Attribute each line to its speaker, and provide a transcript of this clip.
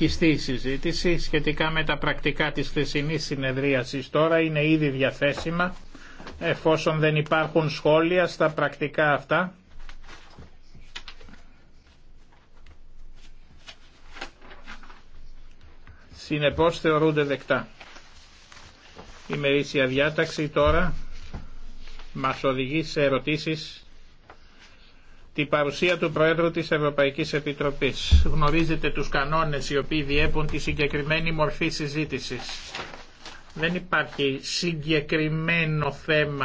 Speaker 1: η συζήτηση σχετικά με τα πρακτικά της θεσινής συνεδρίασης τώρα είναι ήδη διαθέσιμα εφόσον δεν υπάρχουν σχόλια στα πρακτικά αυτά συνεπώς θεωρούνται δεκτά η μερίσια διάταξη τώρα μας οδηγεί σε ερωτήσεις την παρουσία του Προέδρου της Ευρωπαϊκής Επιτροπής. Γνωρίζετε τους κανόνες οι οποίοι διέπουν τη συγκεκριμένη μορφή συζήτησης. Δεν υπάρχει
Speaker 2: συγκεκριμένο θέμα